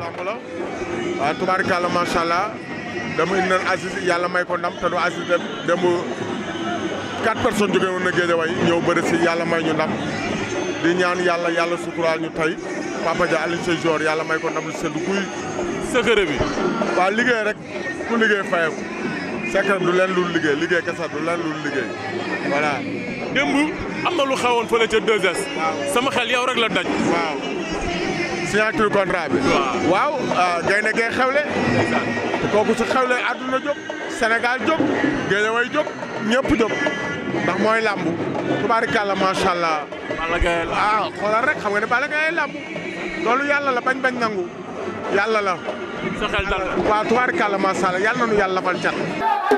lamb la waaw tubaarikàlla macha allah dama indi leen yàlla may ko ndam te du Aziz dem démb quatre personnes jóge na Guédiawaye ñëw bëri si yàlla may ñu ndam di ñaan yàlla yàlla suturaal ñu tey Papa Dia Alioune Seye Jor yàlla may ko ndam lu sedd guy. secret bi. liggéey rek ku liggéey fayeku secret du leen lul liggéey liggéey kese du leen lul liggéey voilà. démb am na lu xewoon fële ca 2S. sama xel yow rek la daj. si contrat bi. waaw waaw euh, gaynde gee xewle. kooku su xewle àdduna jóg Sénégal jóg Guédiawaye jóg ñëpp jóg ndax mooy làmb tubaarikàlla macha allah. Balla Gaye ah, rek xam nga ne Balla Gaye làmb yàlla la bañ bañ nangu yàlla la. sa xel la waaw tubaarikàlla yàlla na nu yàlla lafal